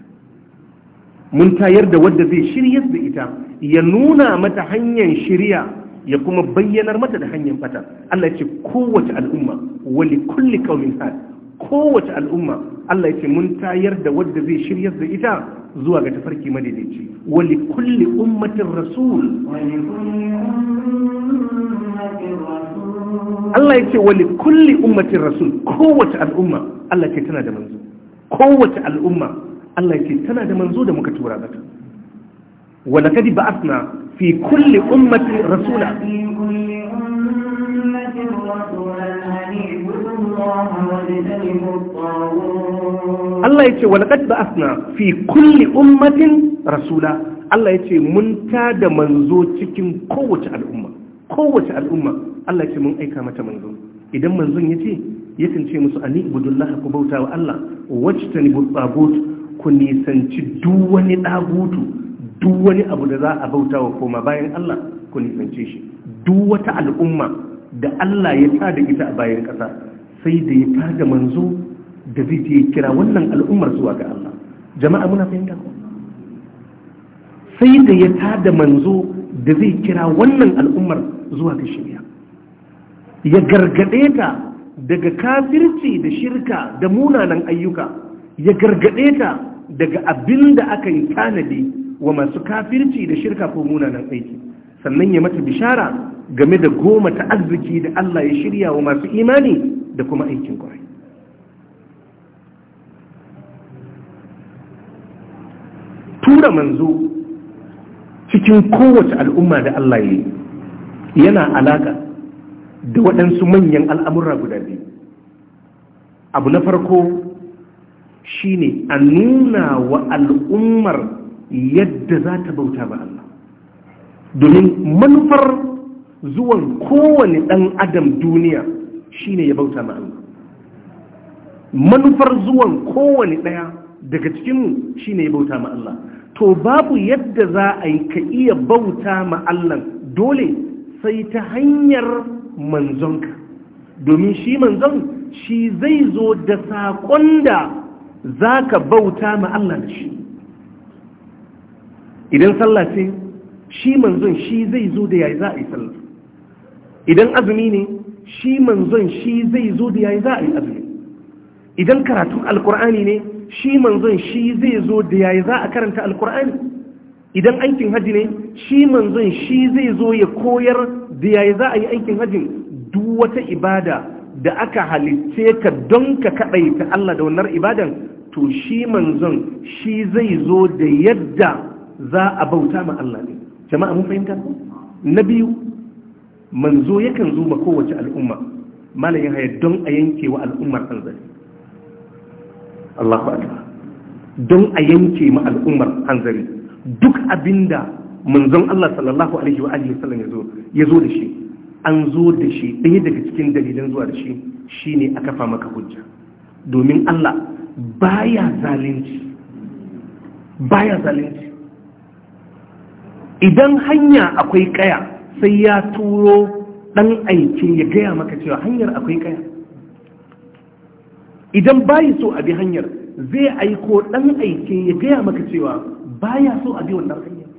mun tayar da wadda zai shirya da ita ya nuna mata hanyar shirya ya kuma bayyanar mata da hanyar fata Allah ce kowace al'umma wali kulli kaumin kowace al'umma Allah ya ce mun tayar da wadda zai shirya, da ita zuwa ga tafarki madaidaici wali kulli ummatin rasul Allah ya ce wali kulli ummatin rasul kowace al'umma Allah ce tana da manzo kowace al'umma Allah ya ce tana da manzo da muka tura mata ولقد بعثنا fi كل ummatin rasula? Allah ya ce walaƙad da asna fi kulli ummatin rasula Allah ya ce mun ta da manzo cikin kowace al'umma kowace al'umma Allah ya ce mun aika mata manzo idan manzon ya ce ya ce musu ani budullah ku bauta wa Allah wacce ni butsagut ku nisanci duk wani dagutu duk wani abu da za a bauta wa koma bayan Allah ku nisance shi duk wata al'umma da Allah ya tada ita a bayan ƙasa sai da ya fara manzo da zai kira wannan al'ummar zuwa ga Allah jama'a muna fahimta sai da ya tada manzo da zai kira wannan al'ummar zuwa ga shirya ya gargade ta daga kafirci da shirka da munanan ayyuka ya gargade ta daga abin da aka yi tanadi wa masu kafirci da shirka ko munanan aiki sannan ya mata bishara game da goma ta arziki da Allah ya shirya wa masu imani da kuma aikin kwarai tura manzo cikin kowace al'umma da Allah ya yi yana alaka da waɗansu manyan al'amurra guda biyu abu na farko shine a nuna wa al'ummar yadda za ta bauta ba Allah domin manufar zuwan kowane ɗan adam duniya Shi ne ya bauta ma Allah manufar zuwan kowane ɗaya daga cikinmu ne ya bauta ma Allah to babu yadda za a yi ka iya bauta ma Allah dole sai ta hanyar manzonka domin shi manzon shi zai zo da saƙon da za ka bauta ma Allah da shi idan sallah ce shi manzon shi zai zo da yayi za a yi sallah idan azumi ne shi manzon shi zai zo da yayi za a yi azumi idan karatun alkur'ani ne shi manzon shi zai zo da yayi za a karanta alkur'ani idan aikin haji ne shi manzon shi zai zo ya koyar da yayi za a yi aikin hajin duk wata ibada da aka halitce ka don ka kaɗaita Allah da wannan ibadan to shi manzon shi zai zo da yadda za a bauta ma Allah ne jama'a mun fahimta na biyu manzo yakan zo ma kowace al'umma malayin haya don a yanke wa al'ummar hanzari Allahu akbar don a yanke ma al'ummar hanzari duk abinda manzon Allah sallallahu alaihi wa alihi sallam yazo yazo da shi an zo da shi ɗaya daga cikin dalilan zuwa da shi shine a kafa maka hujja domin Allah baya zalunci baya zalunci idan hanya akwai kaya sai ya turo ɗan aikin ya gaya maka cewa hanyar akwai kaya idan bayi so a bi hanyar zai aiko ɗan aikin ya gaya maka cewa baya so a bi wannan hanyar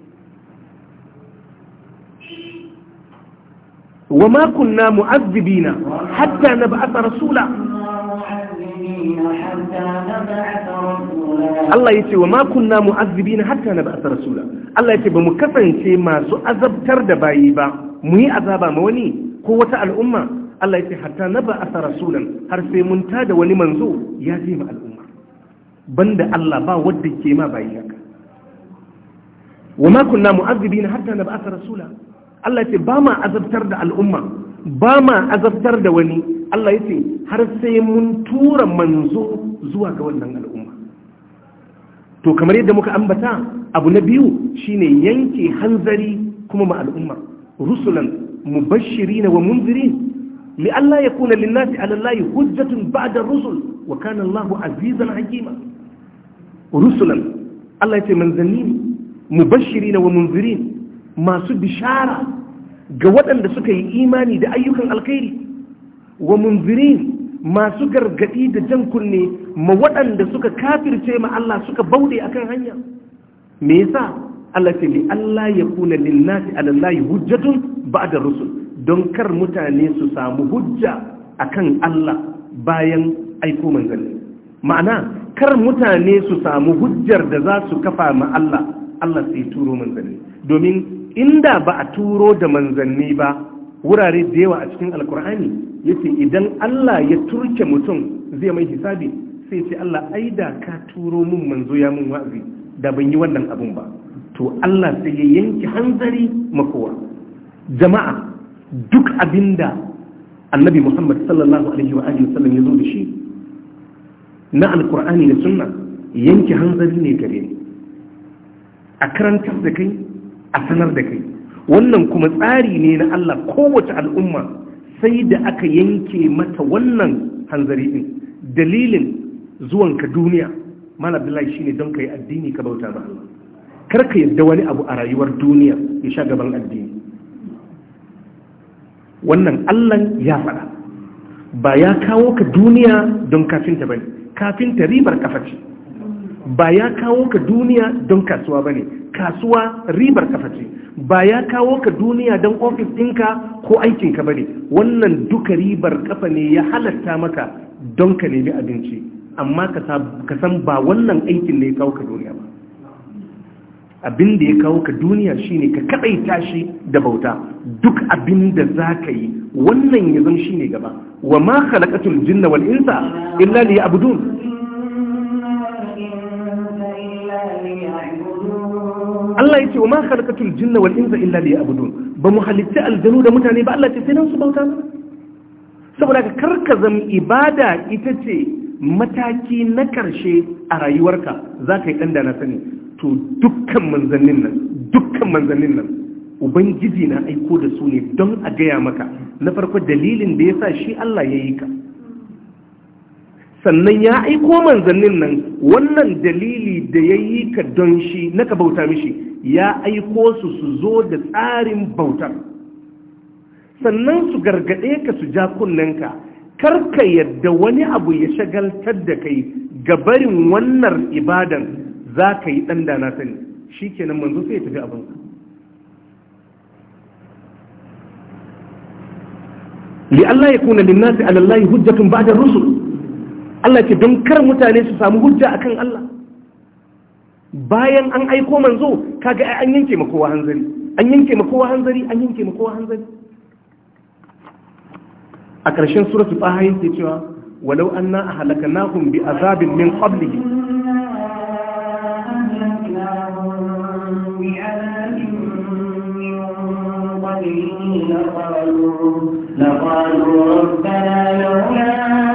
wa ma kunna mu'azzibina hatta na ba'atha rasula Allah ya ce wa makunna mu'azzibi na hatta na ba'asa rasula Allah ya ce ba mu kasance masu azabtar da bayi ba mu yi azaba ma wani ko wata al'umma Allah ya ce hatta na ba'asa rasulan har sai mun tada wani manzo ya je ma al'umma banda Allah ba wadda ke ma bayi haka wa makunna mu'azzibi na hatta na ba'asa rasula Allah ya ce ba ma azabtar da al'umma ba ma azabtar da wani Allah ya ce har sai mun tura manzo zuwa ga wannan al'umma to kamar yadda muka ambata abu na biyu shine yanke hanzari kuma ma al'umma rusulan mubashirina wa munzirin li Allah ya kuna linnasi ala hujjatun ba'da rusul wa kana azizan hakima rusulan Allah ya ce manzanni mubashirina wa munzirin masu bishara ga waɗanda suka yi imani da ayyukan alkhairi wa munzirin masu gargaɗi da jan kunne ma waɗanda suka kafirce ma Allah suka bauɗe akan hanya me yasa Allah ce li Allah ya kuna ala Allah hujjatun ba'da rusul don kar mutane su samu hujja akan Allah bayan aiko manzanni ma'ana kar mutane su samu hujjar da za su kafa ma Allah Allah sai turo manzanni domin inda ba a turo da manzanni ba wurare da yawa a cikin alkur'ani ce idan Allah ya turke mutum zai mai hisabi sai ce Allah ai da ka turo mun manzo ya mun wa'azi da ban yi wannan abun ba to Allah sai ya yanki hanzari makowa jama'a duk abinda annabi Muhammad sallallahu alaihi wa alihi wasallam ya zo da shi na alkur'ani da sunna yanki hanzari ne gare ni a karantar da kai a sanar da kai wannan kuma tsari ne na Allah kowace al'umma sai da aka yanke mata wannan hanzari ɗin dalilin zuwanka duniya mala billahi shine don ka yi addini ka bauta ba kar ka yadda wani abu a rayuwar duniya ya sha gaban addini wannan Allah ya faɗa ba ya kawo ka duniya don kafinta bane kafinta ribar kafa ce ba ya kawo ka duniya don kasuwa ba ne kasuwa ribar kafa ce ba ya kawo ka duniya don ofis ɗinka ko aikinka ba ne wannan duka ribar kafa ne ya halatta maka don ka nemi abinci amma ka san ba wannan aikin ne ya kawo ka duniya ba abin da ya kawo ka duniya shine ka kaɗaita shi da bauta duk abin da za ka yi wannan ya zama shine gaba wa ma khalaqatul jinna wal insa illa liya'budun Allah ya ce wa ma khalaqatul jinna wal insa illa liya'budun ba mu halitta aljanu da mutane ba Allah ce sai dan su bauta mana saboda ka karka zam ibada ita ce mataki na karshe a rayuwarka za ka yi ɗan da na sani to dukkan manzannin nan dukkan manzannin nan ubangiji na aiko da su ne don a gaya maka na farko dalilin da yasa shi Allah ya yi ka sannan ya aiko manzannin nan wannan dalili da ya yi ka don shi na ka bauta mishi ya aiko su su zo da tsarin bautar sannan su gargaɗe ka su ja kunnenka karka yadda wani abu ya shagaltar da kai gabarin wannan ibadan za ka yi ɗan dana sani shi kenan manzo sai ya tafi abin li Allah ya kuna linnasi alallahi hujjatun ba'da rusul Allah ce don kar mutane su samu hujja akan Allah bayan an aiko manzo kaga an yanke ma kowa hanzari an yanke ma kowa hanzari an yanke ma kowa hanzari a ƙarshen suratu taha yake cewa walau anna ahlakanahum bi azabin min qablihi لقالوا ربنا لولا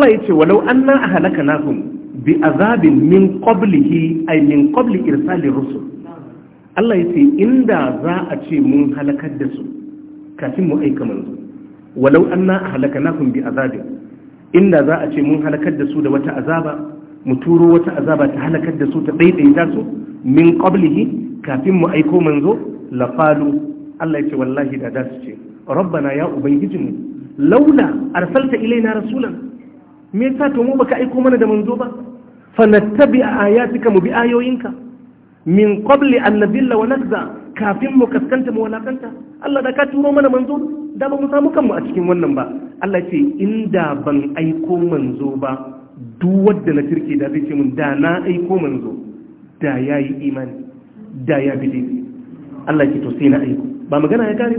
Allah ya ce walau anna ahlaka nahum bi azabin min qablihi ay min qabli irsalir rusul Allah ya ce inda za a ce mun halakar da su kafin mu aika manzo walau an na a anna ahlakanahum bi azabin inda za a ce mun halakar da su da wata azaba mu turo wata azaba ta halakar da su ta daidaita su min qablihi kafin mu aiko manzo la falu Allah ya ce wallahi da da su ce rabbana ya ubangijinmu laula arsalta ilaina rasulan me yasa to mu baka aiko mana da manzo ba fa nattabi ayatika mu bi ayoyinka min qabli an nadilla wa nakza kafin mu kaskanta mu walakanta Allah da ka turo mana manzo da ba mu samu kanmu a cikin wannan ba Allah ce inda ban aiko manzo ba duk wanda na turke da zai ce mun da na aiko manzo da yayi imani da ya bi Allah ki to sai na aiko ba magana ya kare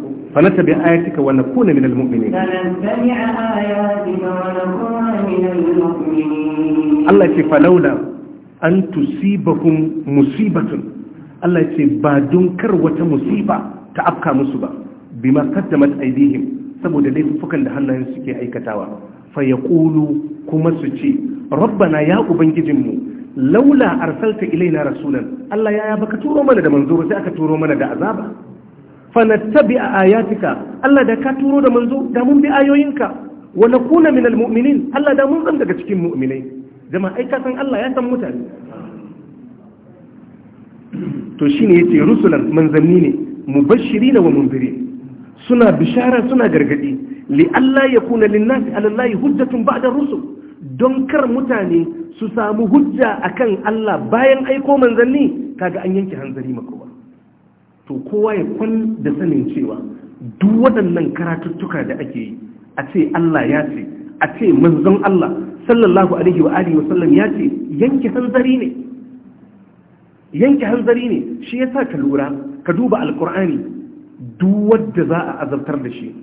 فنتبع آياتك ونكون من المؤمنين فنتبع آياتك ونكون من المؤمنين الله يقول فلولا أن تصيبهم مصيبة الله يقول بعدون كروة مصيبة تأبقى مصيبة بما قدمت أيديهم سبب ليس فكن لهنا ينسكي أي كتاوى فيقولوا كما سجي ربنا يا أبنججمو laula arsalta ilaina rasulan Allah ya baka turo mana da manzo sai aka turo mana da azaba fanattabi a ayatika Allah da ka turo da manzo da mun bi ayoyinka wa nakuna min almu'minin Allah da mun zan daga cikin mu'minai jama'a ai ka san Allah ya san mutane to shine yace rusulan manzanni ne mubashirin wa mundirin suna bishara suna gargadi li Allah ya kuna ala Allah hujjatun ba'da rusul don kar mutane su samu hujja akan Allah bayan aiko manzanni kaga an yanke hanzari makawa to kowa ya kwan da sanin cewa duk waɗannan karatuttuka da ake yi a ce Allah ya ce a ce manzon Allah sallallahu alaihi wa alihi wa sallam ya ce yanke hanzari ne yanke hanzari ne shi yasa ka lura ka duba alqur'ani duk wanda za a azabtar da shi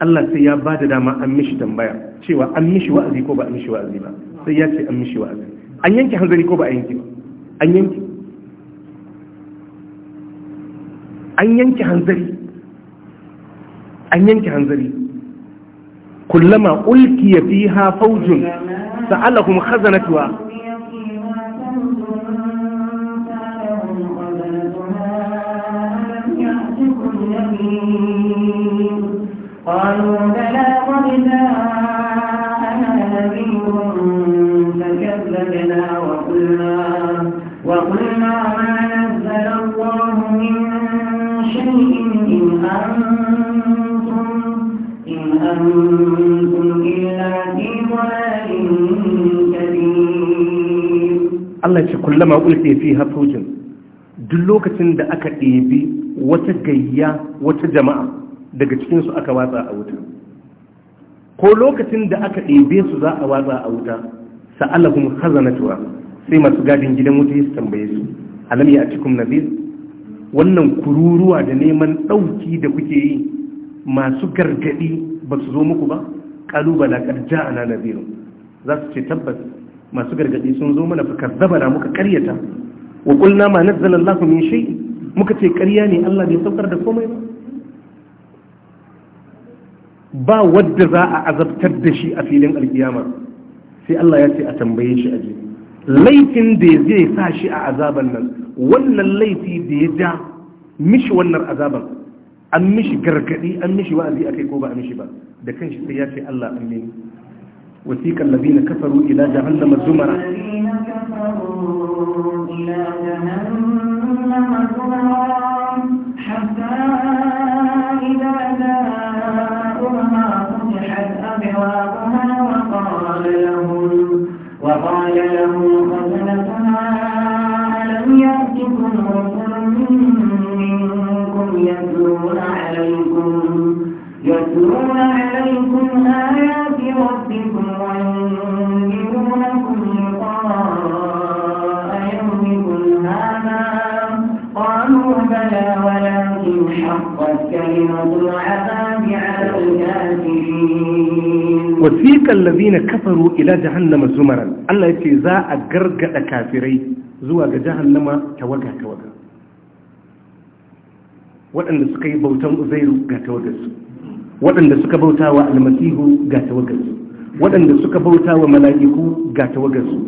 Allah sai ya bada dama an mishi tambaya cewa an mishi wa'azi ko ba an mishi wa'azi ba sai ya ce an mishi wa'azi an yanke hanzari ko ba a yanke ba an yanke an yanke hanzari an yanke hanzari kullama ulkiya fiha faujun sa'alahum khazanatuha قالوا بلى قد جاءنا نبي فكذبنا وقلنا وقلنا ما Allah ce في ضلال كبير الله يقول duk lokacin da aka ɗebi wata gayya wata jama'a daga cikinsu aka watsa a wuta ko lokacin da aka ɗebe su za a watsa a wuta sa'alahum khazanatuha sai masu gadin gidan wuta ya su tambaye su alam ya cikum nazir wannan kururuwa da neman ɗauki da kuke yi masu gargaɗi ba su zo muku ba kalubala karja ana nabirin za su ce tabbas masu gargadi sun zo mana fa kazzabana muka karyata wa ma nazzala Allah min shay muka ce karya ne Allah bai saukar da komai ba ba wadda za a azabtar da shi a filin alkiyama sai Allah ya ce a tambaye shi aje laifin da zai sa shi a azaban nan wannan laifi da ya ja mishi wannan azaban an mishi gargadi an mishi wa'azi akai ko ba a mishi ba da kanshi sai ya ce Allah amin wasiqal ladina kafaru ila jahannama zumara وقال لهم خزنتها ألم يأتكم رسل يتلون عليكم يتلون عليكم آيات ربكم وينذرونكم لقاء يومكم هذا قالوا بلى ولكن حقت كلمة العذاب على الكافرين وسيق الذين كفروا إلى جهنم زمرا الله يتي ذا أقرقع كافرين زواج جهنم توقع توقع waɗanda suka yi bautan uzairu ga tawagarsu waɗanda suka bauta wa almasihu ga tawagarsu waɗanda suka bauta wa mala'iku ga tawagarsu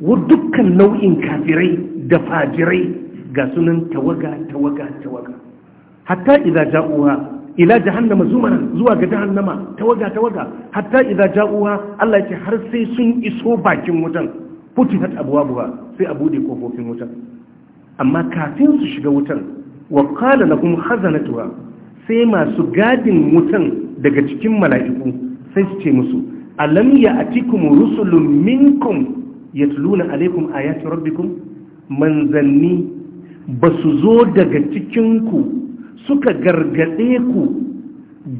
wa dukkan nau'in kafirai da fajirai ga sunan tawaga tawaga tawaga hatta idza ja'uha ila jahannama zumara zuwa ga jahannama tawaga tawaga hatta idza ja'uha Allah ya ce har sai sun iso bakin wutan futihat abwabuha sai a bude kofofin wutan amma kafin su shiga wutan wa qala lahum khazanatuha sai masu gadin wutan daga cikin mala'iku sai su ce musu alam ya'tikum rusulun minkum yatluna alaykum ayati rabbikum manzanni basu zo daga cikin ku suka gargade ku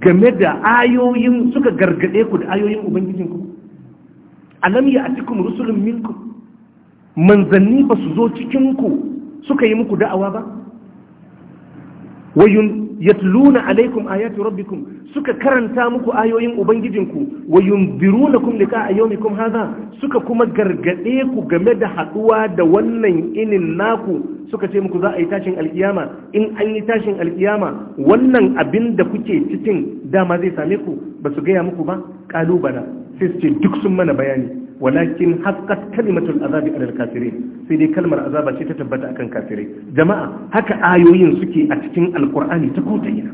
game da ayoyin suka gargade ku da ayoyin ubangijinku alam ya'tikum rusulun minkum manzanni basu zo cikin ku suka yi muku da'awa ba wayun yatluna alaikum ayati rabbikum suka karanta muku ayoyin ubangijin ku? ubangijinku wayunzirunakum lika ayyumikum haza? suka kuma gargade ku game da haɗuwa da wannan inin naku suka ce muku za a yi tashin alkiyama in an yi tashin alkiyama wannan abin da kuke cikin dama zai same ku ba su gaya muku ba ƙalubala. sai su ce duk sun mana bayani walakin haqqat kalimatul azabi alal kafirin sai dai kalmar azaba ce ta tabbata akan kafirai jama'a haka ayoyin suke a cikin alkur'ani ta ko ta ina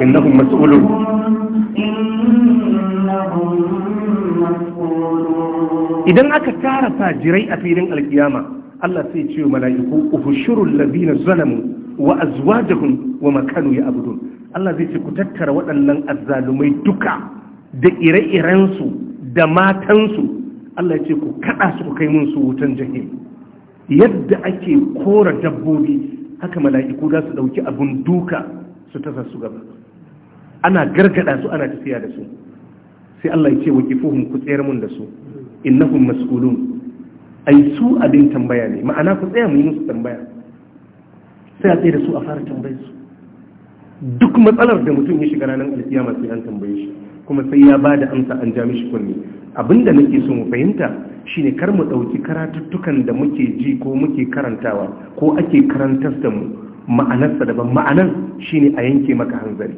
إنهم مسؤولون idan aka tara fajirai a filin alkiyama Allah sai ce mala'iku ufushurul ladina zalamu wa azwajuhum wa makanu ya abudun Allah zai ce ku tattara waɗannan azzalumai duka da ire-iren su da matan su Allah ya ce ku kada su ku kai mun su wutan jahim yadda ake kora dabbobi haka mala'iku za su dauki abun duka su tasa su gaba ana gargada su ana tafiya da su sai Allah ya ce wa kifuhum ku tsayar mun da su innahum mas'ulun ai su abin tambaya ne ma'ana ku tsaya mu yi musu tambaya sai a tsaye da su a fara tambayar su duk matsalar da mutum ya shiga ranar alkiyama sai an tambaye shi kuma sai ya ba da amsa an ja mishi kunni abinda nake so mu fahimta shine kar mu ɗauki karatuttukan da muke ji ko muke karantawa ko ake karantar da mu ma'anarsa daban ma'anar shine a yanke maka hanzari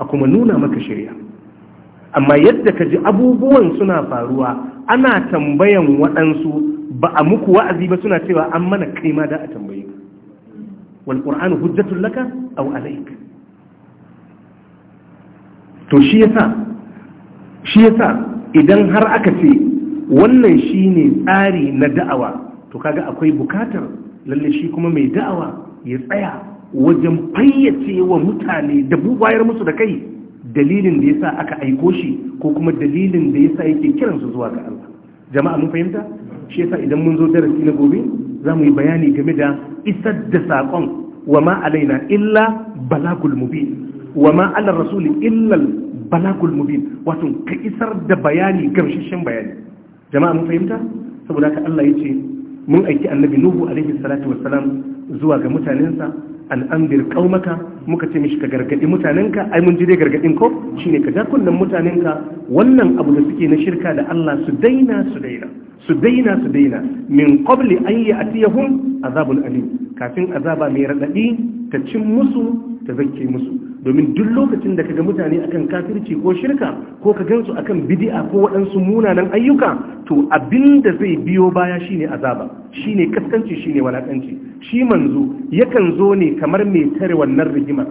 a kuma nuna maka shirya amma yadda ka ji abubuwan suna faruwa ana tambayan waɗansu ba a muku wa'azi ba suna cewa an mana kai ma da a tambaye ka wal qur'anu hujjatul laka aw to shi yasa shi yasa idan har aka ce wannan shine tsari na da'awa to kaga akwai bukatar lalle shi kuma mai da'awa ya tsaya wajen fayyace wa mutane da bubayar musu da kai dalilin da yasa aka aiko shi ko kuma dalilin da yasa yake kiran su zuwa ga Allah jama'a mun fahimta shi yasa idan mun zo darasi na gobe za mu yi bayani game da isar da saƙon wa ma alaina illa balagul mubin wa ma ala rasuli illa balagul mubin wato ka isar da bayani gamsashen bayani jama'a mun fahimta saboda haka Allah ya ce mun aiki annabi nuhu alaihi salatu wassalam zuwa ga mutanensa al’andir kaumaka muka ce mishi ka gargaɗi mutanenka ai mun ji gargaɗin ko Shi ne ka jakunan mutanenka wannan abu da suke na shirka da Allah su daina su daina su daina su daina min qabli an a azabul alim kafin azaba mai raɗaɗi ta cin musu ta zakke musu domin duk lokacin da kaga mutane akan kafirci ko shirka ko ka gansu akan bid'a ko waɗansu munanan ayyuka to abinda zai biyo baya shine azaba shine kaskanci shine walakanci shi manzo yakan zo ne kamar mai tare wannan rigimar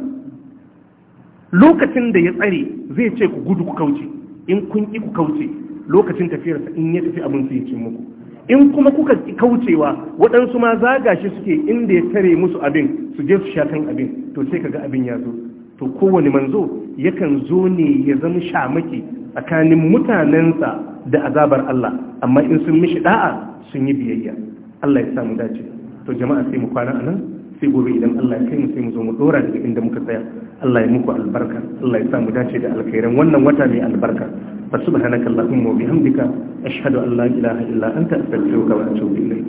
lokacin da ya tsare zai ce ku gudu ku kauce in kun ki ku kauce lokacin tafiyarsa in ya tafi abin sai ce muku in kuma kuka kaucewa waɗansu ma zaga shi suke inda ya tare musu abin su je su sha kan abin to sai kaga abin ya zo to kowane manzo yakan zo ne ya zama shamaki tsakanin mutanensa da azabar Allah amma in sun mishi da'a sun yi biyayya Allah ya samu dace to jama'a sai mu kwana anan sai gobe idan Allah ya kai mu sai mu zo mu dora daga inda muka tsaya Allah ya muku albarka Allah ya sa mu dace da alkhairan wannan wata mai albarka fa subhanakallahumma wa bihamdika ashhadu an la ilaha illa anta astaghfiruka wa atubu ilayk